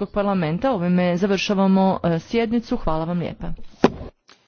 Europskog parlamenta. Ovime završavamo e, sjednicu. Hvala vam lijepa.